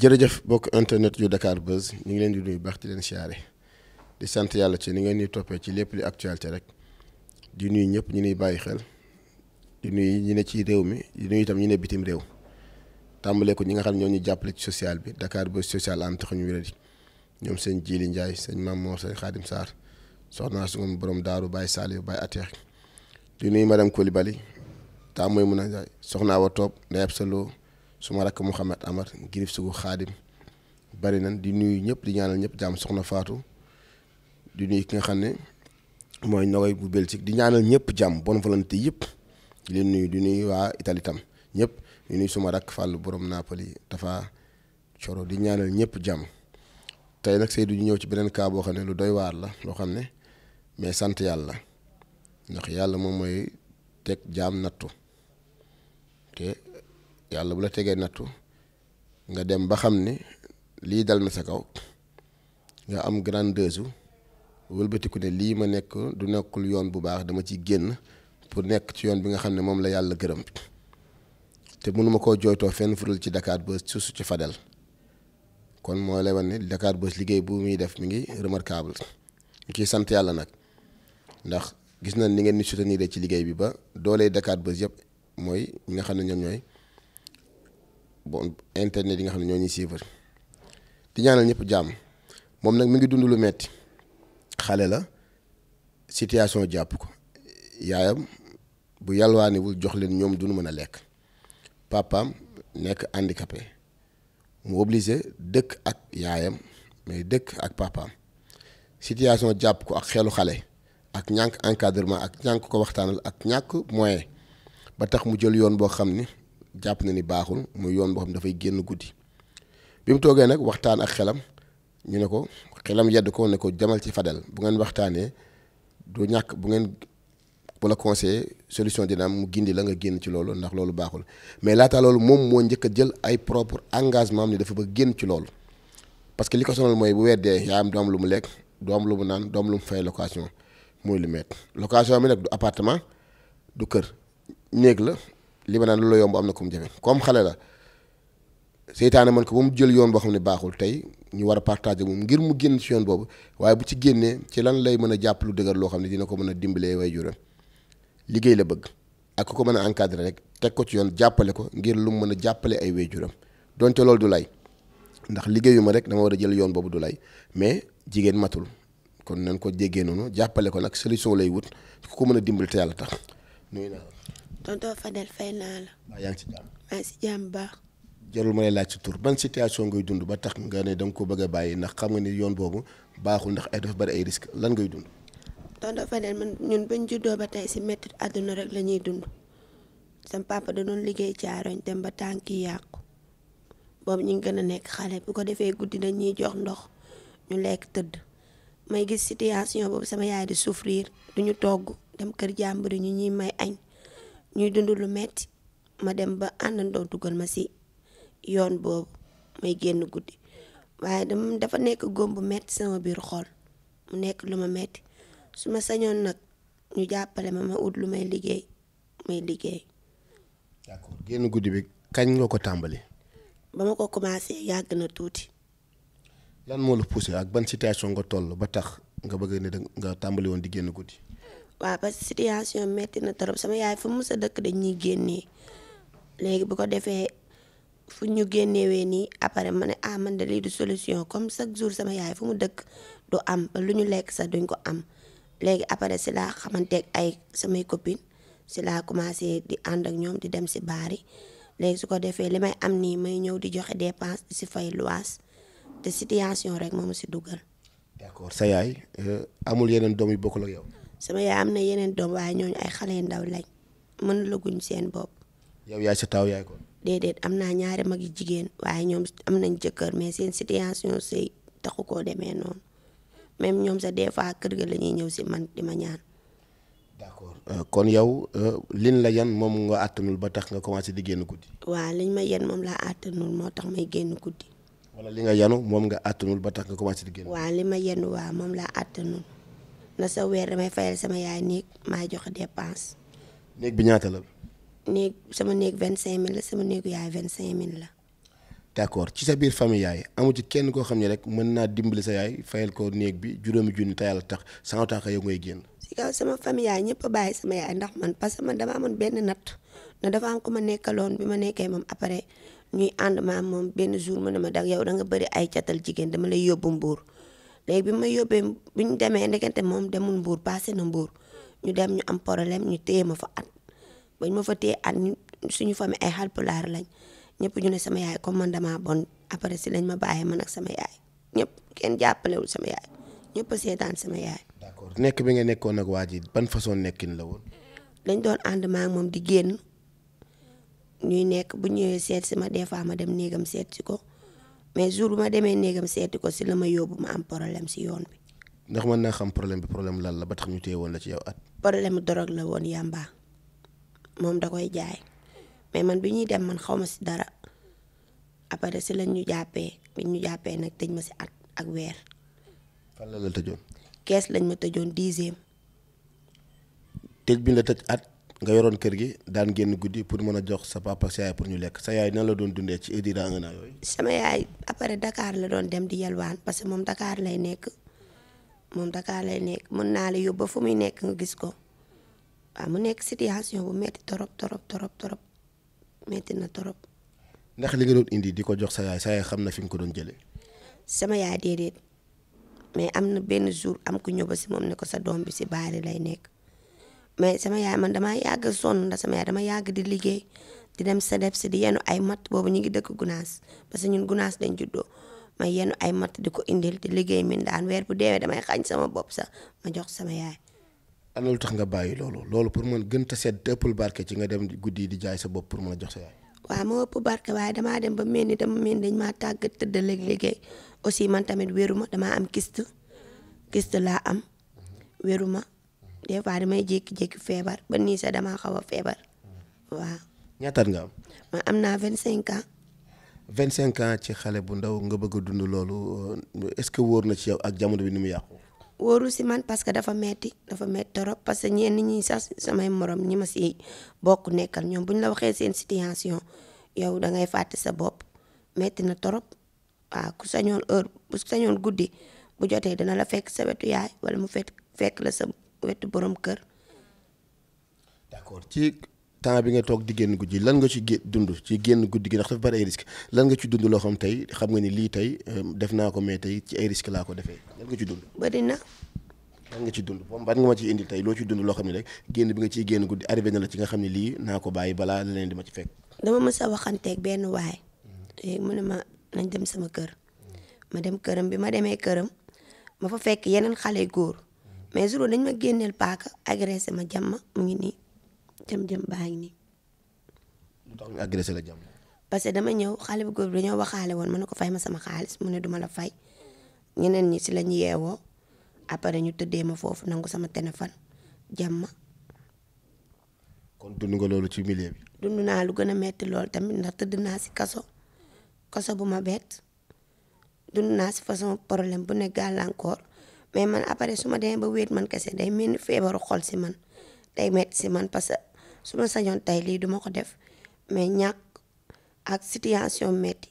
jërëjëf bokk internet yu dakaar Buzz ñu ngi leen di nuyu baax di leen siyaare di sant yàlla ci ni ngeen ñuy toppee ci lépp li actualité rek di nuy ñëpp ñu nuy bàyyi xel di nuyu ñu ne ci réew mi di nuyu itam ñu ne bitim réew tàmbalee ko ñi nga xam ñoom ñu jàppale ci social bi dakaar Buzz social en tax ñu wéradi ñoom sëñ Jili Ndiaye sëñ Mamour sëñ Xaadim Sarr soxna su ngoom borom daaru bàyyi Saliou Baye Ateex di nuyu madame Coulibaly taa mooy mun a soxna Awa Top Ndeye Absalo suma rakk Mouhamed Amar girif sugu xaadim bari nañ di nuyu ñëpp di ñaanal ñëpp jàmm soxna faatu di nuyu ki nga xam ne mooy Nogoy bu Belgique di ñaanal ñëpp jàmm bonne volonté yëpp di nuyu di nuyu waa Italie tam ñëpp di nuyu suma rakk Fallou borom Napoli dafa Coro di ñaanal ñëpp jàmm tey nag Seydou ñu ñëw ci beneen cas boo xam ne lu doy waar la loo xam ne mais sant yàlla ndax yàlla moom mooy teg jaam nattu te. yàlla bu la tegee nattu nga dem ba xam ne lii dal na sa kaw nga am grande grandeuse wëlbatiku ne lii ma nekk du nekkul yoon bu baax dama ci génn pour nekk ci yoon bi nga xam ne moom la yàlla gërëm te mënuma koo jooytoo fenn furul ci Dakar Buzz susu ci Fadel kon moo la wan ne Dakar Buzz liggéey bu muy def mi ngi remarquable ñu ciy sant yàlla nag ndax gis nañ ni ngeen ni soutenir ci liggéey bi ba doolee Dakar Buzz yëpp mooy ñi nga xam ne ñoom ñooy bon internet yi nga xam ne ñoo ñuy suivre di ñaanal ñëpp jàmm moom nag mi ngi dund lu metti xale la situation jàpp ko yaayam bu yàlwaaniwul jox leen ñoom duñu mën a lekk papaam nekk handicapé mu obligé dëkk ak yaayam mais dëkk ak papaam situation jàpp ko ak xelu xale ak ñànk encadrement ak ñànk ko waxtaanal ak ñàkk moyen ba tax mu jël yoon boo xam ni jàpp na ni baaxul muy yoon boo xam dafay génn guddi bi mu toogee nag waxtaan ak xelam ñu ne ko xelam yedd ko ne ko jamal ci Fadel bu ngeen waxtaanee du ñàkk bu ngeen bu la conseillé solution dina mu gindi la nga génn ci loolu ndax loolu baaxul mais laata loolu moom moo njëkk a jël ay propre engagement am ni dafa bëgg génn ci loolu parce que li ko sonal mooy bu weddee yaa am du am lu mu lekk du am lu mu naan du am lu mu fay location muy lu metti bi nag du appartement du kër néeg la li ma naan lu la yomb am na ko mu jafe comme xale la seytaane man ko ba mu jël yoon boo xam ne baaxul tey ñu war a partager moom ngir mu génn ci yoon boobu waaye bu ci génnee ci lan lay mën a jàpp lu dëgër loo xam ne dina ko mën a dimbalee way juróom liggéey la bëgg ak ku ko mën a encadrer rek teg ko ci yoon jàppale ko ngir lu mu mën a jàppale ay way juróom donte loolu du lay ndax liggéeyu ma rek dama war a jël yoon boobu du lay mais jigéen matul kon nañ ko jege noonu jàppale ko nag solution lay wut ku ko mën a dimbali te yàlla tax nuyu naa tonton Fadel fay naa la. waaw ah, yaa ngi ci jàmm. baax. jarul ma lay laaj ci tur ban situation ngay dund ba tax nga ne da ko bëgg a bàyyi ndax xam nga ni yoon boobu baaxul ndax ay dafa bari ay risques lan ngay dund. tonton Fadel man ñun bañ juddoo ba tey si métti àdduna rek la ñuy dund sam papa da doon liggéey caaroñ dem ba tànk yi yàqu boobu ñu ngi gën a nekk xale bu ko defee guddi dañuy jox ndox ñu lekk tëdd may gis situation boobu sama yaay di souffrir duñu togg dem kër jàmbur ñu ñuy ñuy dund lu metti ma dem ba àndandoo dugal ma si yoon boobu may génn guddi waaye dama dafa nekk góom bu metti sama biir xol mu nekk lu ma metti su ma sañoon nag ñu jàppale ma ma ut lu may liggéey may liggéey. d'accord génn guddi bi kañ nga ko tàmbali. ba ma ko commencé yàgg na tuuti. lan moo la poussé ak ban situation nga toll ba tax nga bëgg ne nga tàmbali woon di génn guddi. waaw parce que situation metti na trop sama yaay fu mu sa dëkk dañ dañuy génnee léegi bu ko defee fu ñu génnewee nii après ma ne ah man de lii du solution comme chaque jour sama yaay fu mu dëkk du am ba lu ñu lekk sax duñ ko am léegi après si laa xamanteeg ay samay copines si laa commencé di ànd ak ñoom di dem si baar yi léegi su ko defee li may am nii may ñëw di joxe dépense di si fay luwaas te situation rek moomu si dugal. d'accord sa yaay euh, amul yeneen doom yu bokkul sama yaay am na yeneen doom waaye ñooñu ay xale ndaw lañ mën laguñ seen bopp. yow yaay sa taaw yaay ko. déedéet am naa ñaari mag yi jigéen waaye ñoom am nañ jëkkër mais seen situation sëy taxu koo demee noonu même ñoom sa des fois kër ga la ñuy ñëw si man di ma ñaan. d'accord euh, kon yow euh, liñ la yan moom nga àttanul ba tax nga commencé di génn guddi. waaw liñ ma moom laa àttanul moo tax may génn guddi. wala li nga yanu moom nga àttanul ba tax nga commencé di génn. waaw li ma yan waaw moom laa àttanul. na sa weer damay fayal sama yaay néeg maa joxe dépense. néeg bi ñaata la. néeg sama néeg vingt cinq mille la sama néegu yaay vingt cinq mille la. d'accord ci sa biir famille yaay amu ci kenn koo xam ne rek mën naa dimbali sa yaay fayal ko néeg bi juróomi junni te yàlla tax sans tax yow ngay génn. si kaw sama famille yaay ñëpp bàyyi sama yaay ndax man parce que man dama amoon benn natt na dafa am ku ma nekkaloon bi ma nekkee moom après ñuy ànd maam moom benn jour mu ne ma dag yow da nga bëri ay catal jigéen dama lay yóbbu mbuur léegi bi ma yóbbee bi ñu demee ndekete moom demul mbuur passé na mbuur ñu dem ñu am problème ñu téye ma fa at bañ ma fa téye at suñu famille ay xalpulaar lañ ñëpp ñu ne sama yaay comme man damaa bon après si lañ ma bàyyi man ak sama yaay ñëpp kenn jàppalewul sama ñëpp a seetaan sama yaay. nekk bi nga nekkoon ak waa ji ban façon nekkin la woon. dañ doon ànd maa moom di génn ñuy nekk bu ñëwee seet si ma des fois ma dem néegam seet si ko. mais jour bu ma demee néegam seeti ko si la ma yóbbu ma am problème si yoon bi. ndax mën naa xam problème bi problème lan la ba tax ñu téye woon la ci yow at. problème mu la woon yàmba moom da koy jaay mais man bi ñuy dem man xaw ma si dara après si lañ ñu jàppee bi ñu jàppee nag tëj ma si at ak weer. fan la la tëjoon. kees lañ ma tëjoon dixième. tëj bi la tëj at nga yoroon kër gi daan génn guddi pour mën a jox sa papa sa yaay pour ñu lekk sa yaay nan la doon dundee ci Idira nga naa yooyu. sama yaay après Dakar la doon dem di yalwaan parce que moom Dakar lay nekk moom Dakar lay nekk mën naa la yóbbu ba fu muy nekk nga gis ko waaw mu nekk situation bu metti torop torop torop torop metti na torop. ndax li nga doon indi di ko jox sa yaay sa yaay xam na fi nga ko doon jëlee. sama yaay déedéet mais am na benn jour am ku ñëw si moom ne ko sa doom bi si baari lay nekk. mais sama yaay man dama yàgg sonn ndax sama yaay dama yàgg di liggéey di dem sedef si di yenu ay mat boobu ñu ngi dëkk gunaas parce que ñun gunaas lañ juddoo ma yenu ay mat di ko indil di liggéey min daan weer bu deewee damay xañ sama bopp sax ma jox sama yaay ana lu tax nga bàyyi loolu loolu pour mën gën ta sedd te barke ci nga dem guddi di jaay sa bopp pour mën a jox sa yaay waaw ma ëpp barke waaye damaa dem ba mel ni dama mel dañ maa tàggat tëddaleeg liggéey aussi man tamit wéru ma damaa am kist kist laa am ma des fois damay jékki-jékki feebar ba nii sax damaa xaw a feebar waa ñaataat nga am. ma am naa vingt cinq ans. vingt cinq ans ci xale bu ndaw nga bëgg a dund loolu est-ce que wóor na ci yow ak jamono bi ni mu yàqu. wóoru si man parce que dafa metti dafa metti trop parce ñeen ni ñi sax samay morom ñi ma si bokk nekkal ñoom bu ñu la waxee seen situation yow da ngay fàtte sa bopp metti na trop waa ku sañoon heure bu sañoon guddi bu jotee dina la fekk sa wetu wala mu fekk fekk la sa. wetu borom kër. d'accord ci temps bi nga toog di génn guddi lan nga ci gé dund ci génn guddi gi ndax dafa lan nga ci dund loo xam tey xam nga ni lii tey euh, def naa ko mais tey ci ay risques laa ko defee lan nga ci dund. bari na. lan nga ci dund moom ban nga ma ciy indil tey loo ci dund loo xam ni rek génn bi nga ciy génn guddi arrivé na la ci nga xam ne lii naa ko bàyyi balaa leneen di ma ci fekk. dama mës a waxanteeg benn waay. léegi ne ma nañ dem sama kër. ma dem këram bi ma demee këram ma fa fekk yeneen xale góor. mais jour dañ ma génneel paaka agressé ma jàmm mu ngi nii jëm jëm baa ngi nii. lu tax ñu parce que dama ñëw xale bu góor bi dañoo waxaale woon ma ne ko fay ma sama xaalis mu ne duma la fay ñeneen ñi si la ñu yeewoo après ñu tëddee ma foofu nangu sama téléphone jàmm. kon dund nga loolu ci milieu bi. dund naa lu gën a metti lool tamit ndax tëdd naa si kaso kaso bu ma bett dund naa si façon problème bu ne gàllankoor. mais man après su ma demee ba wéet man kese day mel ni feebaru xol si man day metti si man parce que su ma sañoon tey lii duma ko def mais ñàkk ak situation metti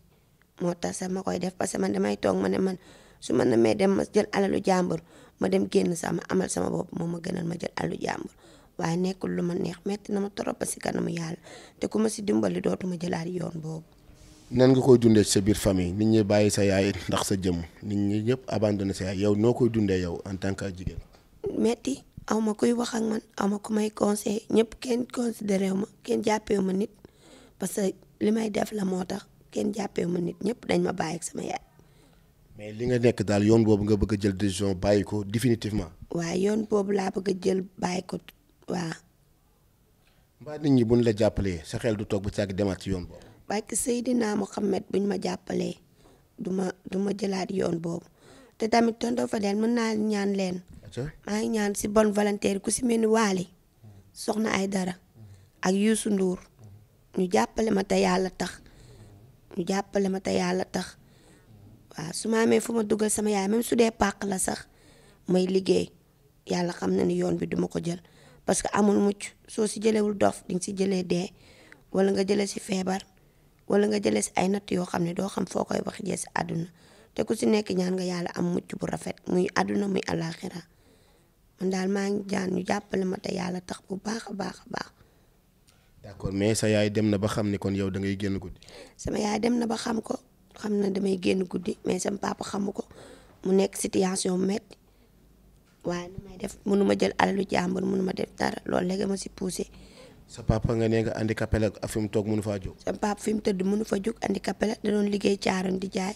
moo tax sax ma koy def parce que man damay toog ma ne man su ma demee dem ma jël alalu jàmbur ma dem génn sax ma amal sama bopp moom ma gënal ma jël alalu jàmbur waaye nekkul lu ma neex metti na ma trop ba si kanamu yàlla te ku ma si dimbali dootuma jëlaat yoon boobu. nan nga koy dundee ci sa biir famille nit ñi bàyyi sa yaay ndax sa jëmm nit ñi ñëpp abandonné sa yaay yow noo koy dundee yow en tant que jigéen. metti aw ma kuy wax ak man aw ma ku may conseil ñëpp kenn considéré ma kenn jàppee ma nit parce que li may def moo tax kenn jàppee ma nit ñëpp dañ ma bàyyi ak sama yaay. mais li nga nekk daal yoon boobu nga bëgg a jël décision bàyyi ko définitivement. waaw yoon boobu laa bëgg a jël bàyyi ko waaw. mbaa nit ñi buñ la jàppalee sa xel du toog ba càgg demaat ci yoon boobu. barki Seydina Mohamed buñ ma jàppalee du ma du ma jëlaat yoon boobu te tamit fa Fadel mën naa ñaan leen maa ñaan si bon volonté ku si mel ni Waly Soxna dara ak Youssou nduur ñu jàppale ma te yàlla tax ñu jàppale ma te yàlla tax waaw su ma amee fu ma dugal sama yaay même su dee pàq la sax may liggéey yàlla xam na ni yoon bi duma ko jël parce que amul mucc soo si jëlewul dof dinga si jëlee dee wala nga jëlee si feebar wala nga jëlee si ay natt yoo xam ne doo xam foo koy wax jee si àdduna te ku si nekk ñaan nga yàlla am mucc bu rafet muy àdduna muy alaxira man daal maa ngi jaan ñu jàppale ma te yàlla tax bu baax a baax a baax. d'accord mais sa yaay dem na ba xam ni kon yow da ngay guddi. sama yaay dem na ba xam ko xam na damay génn guddi mais sama papa xamu ko mu nekk situation metti waaye nu may def mënu ma jël alalu jàmbur mënu ma def dara loolu léegi ma si poussé. sa papa nga ne nga handicapé la ak fi mu toog mënu faa jóg. sa fi mu tëdd mënu fa jóg handicapé la da liggéey caaram di jaay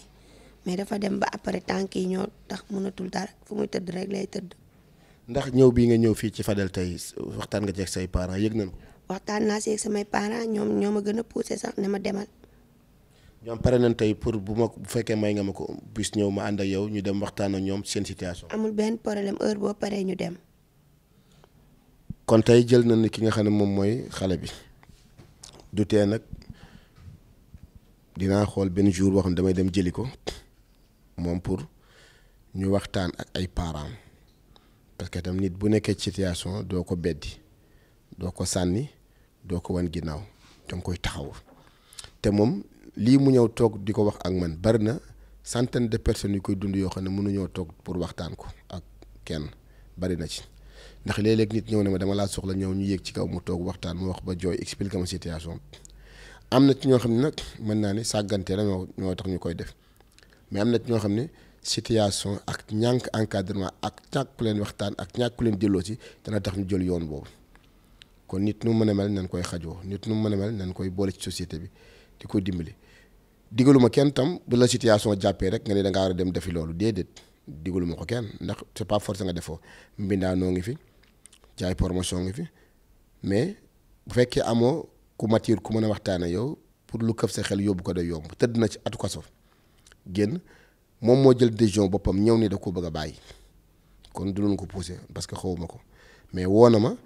mais dafa dem ba après tànk yi ñoo tax mënatul dara fu muy tëdd rek lay tëdd. ndax ñëw bii nga ñëw fii ci Fadel tey waxtaan nga ci ak say parents yëg nañ ko. waxtaan naa si ak samay parents ñoom ñoo ma gën a poussé sax ne ma demal. ñoom pare nañ tey pour bu ma bu fekkee may nga ma ko bis ñëw ma ànd ak yow ñu dem waxtaan ak ñoom seen situation. amul benn problème heure boo paree ñu dem. kon tey jël na ni ki nga xam ne moom mooy xale bi du tee nag dinaa xool benn jour boo xam ne damay dem jëli ko moom pour ñu waxtaan ak ay parents parce que tam nit bu nekkee situation doo ko beddi doo ko sànni doo ko wan ginnaaw danga koy taxaw te moom lii mu ñëw toog di ko wax ak man bari na centaine de personnes yu koy dund yoo xam ne mënuñoo toog pour waxtaan ko ak kenn bari na ci. ndax léeg-léeg nit ñëw ne ma dama laa soxla ñëw ñu yéeg ci kaw mu toog waxtaan mu wax ba jooy expliqué ma situation am na ci ñoo xam ne nag mën naa ne sàggante la ñoo ñoo tax ñu koy def mais am na ci ñoo xam ne situation ak ñànk encadrement ak ñàkk leen waxtaan ak ñàkk leen delloo si dana tax ñu jël yoon boobu kon nit nu mën a mel nañ koy xajoo nit ñu mën a mel nañ koy boole ci société bi di ko dimbali digaluma kenn tam bu la situation jàppee rek nga ne da ngaa war a dem defi loolu déedéet digaluma ko kenn ndax c'est pas forcé nga defoo mbindaanoo ngi fi jaay promotion ngi fi mais bu fekkee amoo ku mature ku mën a waxtaane yow pour lu këf sa xel yóbbu ko de yomb tëdd na ci atu kaso génn moom moo jël décision boppam ñëw nii da ko bëgg a bàyyi kon du doon ko poussé parce que xawuma ko mais woo na ma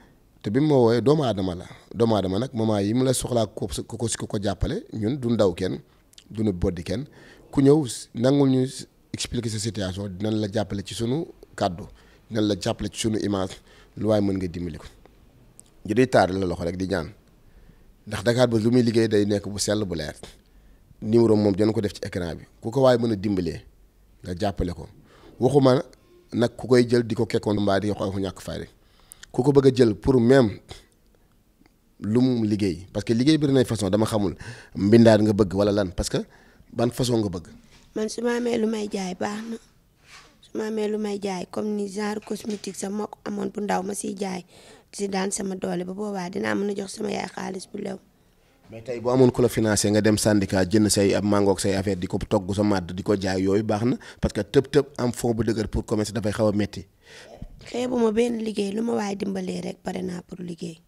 te bi mu ma woowee doomu aadama la doomu aadama nag moment yi mu la soxlaa ko ko si ko ko jàppale ñun du ndaw kenn du nu boddi kenn ku ñëw nangul ñu expliquer sa situation dinañ la jàppale ci sunu kàddu dinañ la jàppale ci sunu image lu waaye mën nga dimbali ko ju taar la loxo rek di ñaan ndax Dakar ba lu muy liggéey day nekk bu sell bu leer numéro moom dana ko def ci écran bi ku ko waaye mën a dimbalee nga jàppale ko waxuma nag ku koy jël di ko kekkoon mbaa di ko ñàkk fayda ku ko bëgg jël pour même lu mu liggéey parce que liggéey bi nay façon dama xamul mbindaar nga bëgg wala lan parce que ban façon nga bëgg. man su ma amee lu may jaay baax na. su ma amee lu may jaay comme ni genre cosmétique sax moo ko amoon bu ndaw ma siy jaay si daan sama doole ba boobaa dinaa mën a jox sama yaay xaalis bu lew. mais tey boo amoon ku la financé nga dem syndicat jënd say ab mangoog say affaire di ko togg sa màdd di ko jaay yooyu baax na parce que tëb tëb am fond bu dëgër pour commerce dafay xaw a métti. xeebu ma benn liggéey lu ma waaye dimbalee rek pare naa pour liggéey.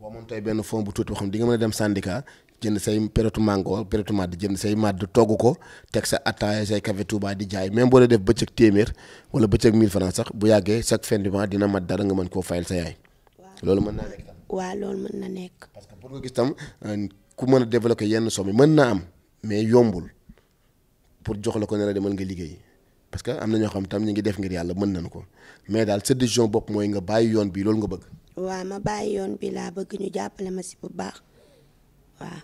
boo amoon tey benn fond bu tuuti boo xam di nga mën a dem syndicat jënd say peretu mango peretu màdd jënd say màdd togg ko teg sa attaaya say café Touba di jaay même boo dee def bëccëg téeméer wala bëccëg 1000 francs sax bu yàggee sa fin du mois dina mat dara nga mën koo fayal sa yaay. loolu mën naa nekk. waaw loolu mën na nekk. parce que pour nga gis tam euh, ku mën a développer yenn somme mën naa am mais yombul pour jox la ko ne la demal nga liggéey. parce que am na ñoo xam tam ñu ngi def ngir yàlla mën na nañu ko mais daal sa décision bopp mooy nga bàyyi yoon bi loolu nga bëgg. waaw.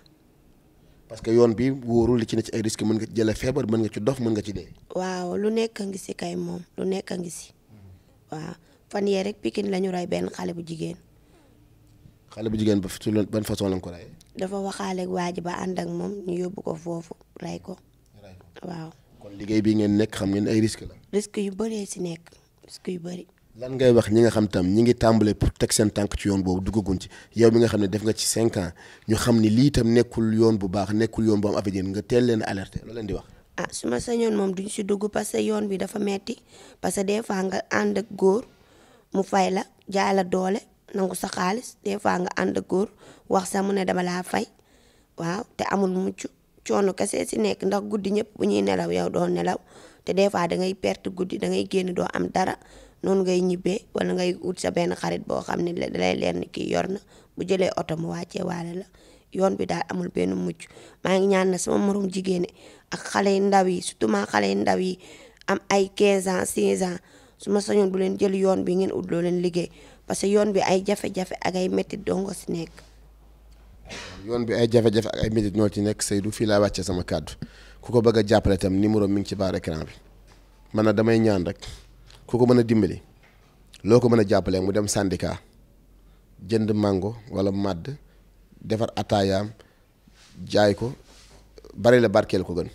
parce que yoon bi wóorul li ci ne ci ay risques mën nga ci jëlee feebar mën nga ci dox mën nga ci dee. waaw lu nekk ngi si kay moom lu nekk a ngi si waaw fan yee rek Pikine la ñu rey benn xale bu jigéen. xale bu jigéen ba su ban façon lañ ko reyee. dafa waxaale waa ji ba ànd ak moom ñu yóbbu ko foofu rey ko. waaw kon liggéey bi ngeen nekk xam ngeen ay risques la. risques yu bëree si nekk risques yu bëri. lan ngay wax ñi nga xam tam ñi ngi tàmbale pour teg seen tànk ci yoon boobu duggaguñ ci yow mi nga xam ne def nga ci cinq ans ñu xam ni lii tam nekkul yoon bu baax nekkul yoon bu am avenir nga teel leen alerté loo leen di wax. ah su ma sañoon moom duñ si dugg parce que yoon bi dafa metti parce que des fois nga ànd ak góor mu fay la jaay doole nangu sa xaalis des fois nga ànd ak góor wax sax mu ne dama laa fay waaw te amul mucc coono kese si nekk ndax guddi ñëpp bu ñuy nelaw yow doo nelaw te des fois da ngay perte guddi da ngay génn doo am dara. noonu ngay ñibbe wala ngay ut sa benn xarit boo xam ne dalay leer ni kii yor na bu jëlee oto mu wàccee waale la yoon bi daal amul benn mucc maa ngi ñaan na morom jigéen ak xale yu ndaw yi surtout yu ndaw yi am ay 15 ans 16 su ma sañoon bu leen jël yoon bi ngeen ut loo leen liggéey parce que yoon bi ay jafe-jafe ak ay métti dongo si nekk. yoon bi ay jafe-jafe ak ay métti ñoo ci nekk Seydou fii laa wàcce sama kàddu ku ko bëgg a jàppale itam numéro mi ngi ci baar écran bi man na damay ñaan rek. ko ko mën a dimbali loo ko mën a jàppalee mu dem syndicat jënd mango wala màdd defar ataayaam jaay ko bari la barkeel ko gën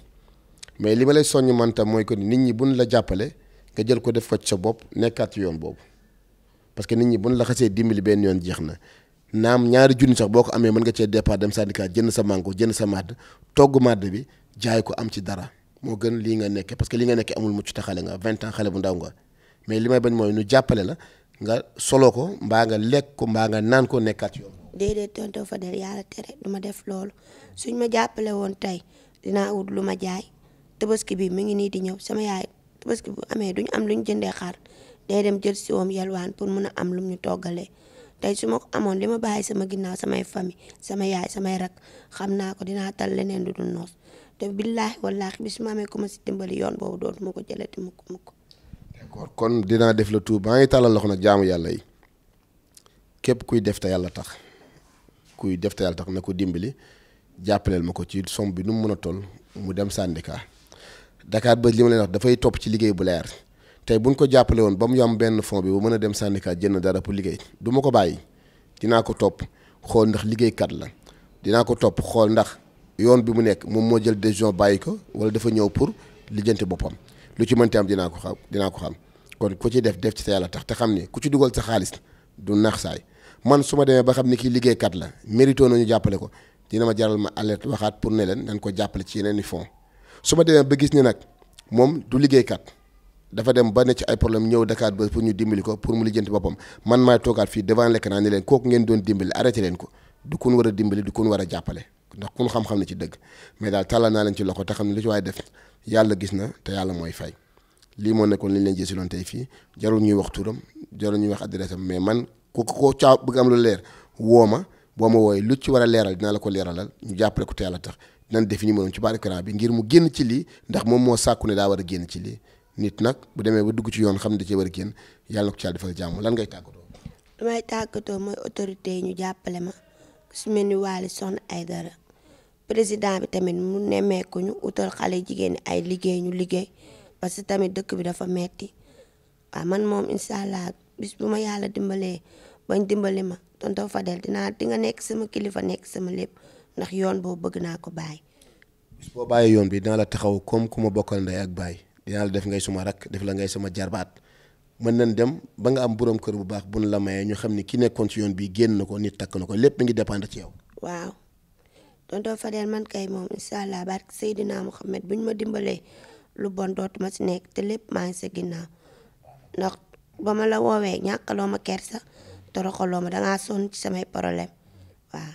mais li ma lay soññ man tam mooy que nit ñi buñ la jàppale nga jël ko def ko ci sa bopp nekkaat ci yoon boobu parce que nit ñi buñ la xasee dimbali benn yoon jeex na naam ñaari junni sax boo ko amee mën nga cee départ dem syndicat jënd sa mango jënd sa màdd togg màdd bi jaay ko am ci dara moo gën lii nga nekkee parce lii nga nekkee bu ndaw mais li may bañ mooy nu jàppale la nga solo ko mbaa nga lekk ko mbaa nga naan ko nekkaat yoon. déedéet tonton Fadel yàlla tere du def loolu suñ ma jàppale woon tey dinaa wut lu ma jaay tabaski bi mu ngi nii di ñëw sama yaay tabaski bu amee duñ am lu ñu jëndee xar day dem jël si woom yalwaan pour mun a am lu ñu toggalee tey su ma ko amoon li ma bàyyi sama ginnaaw samay famille sama yaay samay rak xam naa ko dinaa tal leneen lu dul noos te billaahi wallaahi bi su ma amee ma si yoon boobu dootu ma ko jëlati mukk mukk kon dinaa def la tuub baa ngi tàllal loxo nag jaamu yàlla yi képp kuy def te yàlla tax kuy def te yàlla tax na ko dimbali jàppaleel ma ko ci somme bi nu mu mën a toll mu dem syndicat Dakar ba li ma leen dafay topp ci liggéey bu leer tey buñ ko jàppale woon ba mu yam benn fond bi bu mën a dem syndicat jënd dara pour liggéey duma ko bàyyi dinaa ko topp xool ndax liggéeykat la dinaa ko topp xool ndax yoon bi mu nekk moom moo jël décision bàyyi ko wala dafa ñëw pour lijjanti boppam lu ci mënti am dinaa ko xam dinaa ko xam kon ku ci def def ci sa yàlla tax te xam ne ku ci dugal sa xaalis du nax saay man su ma demee ba xam ni kii liggéeykat la mérito nañu jàppale ko dina ma jaral ma alerte waxaat pour ne leen nañ ko jàppale ci yeneen i fonds su ma demee ba gis ni nag moom du liggéeykat dafa dem ba ne ci ay problème ñëw Dakar ba pour ñu dimbali ko pour mu lijjanti boppam man maay toogaat fii devant l'écran ni leen kooku ngeen doon dimbali arrêté leen ko du kun war a dimbali du war a jàppale ndax kun xam-xam ci dëgg mais daal tàllal naa leen ci loxo te xam ne lu ci waaye def yàlla gis na te yàlla mooy fay lii moo nekkoon li ñu leen jël si loon tey fii jarul ñuy wax turam jarul ñuy wax adresse am mais man ku ko caa bëgg am lu leer woo ma boo ma wooyee lu ci war a leeral dina la ko leeralal ñu jàppale ko te yàlla tax nan def ñu mënoon ci baar écran bi ngir mu génn ci lii ndax moom moo sàkku ne daa war a génn ci lii nit nag bu demee ba dugg ci yoon xam ne da cee war a génn yàlla na ko ci yàlla defal jàmm lan ngay tàggatoo. damay tàggatoo mooy autorité yi ñu jàppale ma s mel ni Waly Sohna Aidara président bi tamit mu nemmeeku ñu utal xale jigéen ay liggéey ñu liggéey parce que tamit dëkk bi dafa metti waaw man moom incha allah bis bu ma yàlla dimbalee bañ dimbali ma tonton Fadel dinaa di nga nekk sama kilifa nekk sama lépp ndax yoon boobu bëgg naa ko bàyyi. bis boo yoon bi dinaa la taxaw comme ku ma bokkal ndey ak bàyyi dinaa def ngay suma rak def la ngay sama jarbaat mën nañ dem ba nga am borom kër bu bu nu la mayee ñu xam ni ki nekkoon ci yoon bi génn na ko nit takk na ko lépp mi ngi ci yow. waaw tonton Fadel man kay moom incha allah barke Seydina Mohamed buñ ma dimbalee. lu bon dootuma si nekk te lépp maa ngi sa ginnaaw ndax ba ma la woowee ñàkkaloo ma kersa toroxaloo ma dangaa sonn ci samay problème waaw.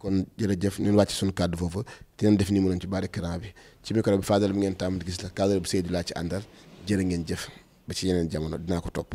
kon jërëjëf ñu wàcc sunu kàddu foofu dinañ def nii mu leen ci bari écran bi ci micro bi Fadel bi ngeen tàmm gis la cadre bu Seydou laa ci àndal jërë ngeen jëf ba ci yeneen jamono dinaa ko topp.